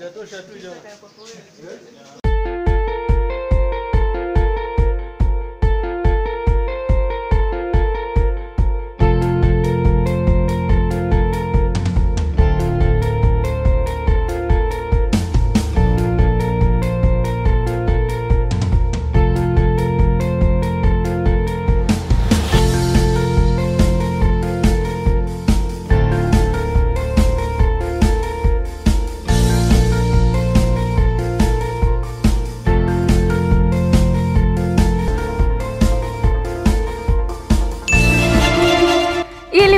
যত সাথে যাও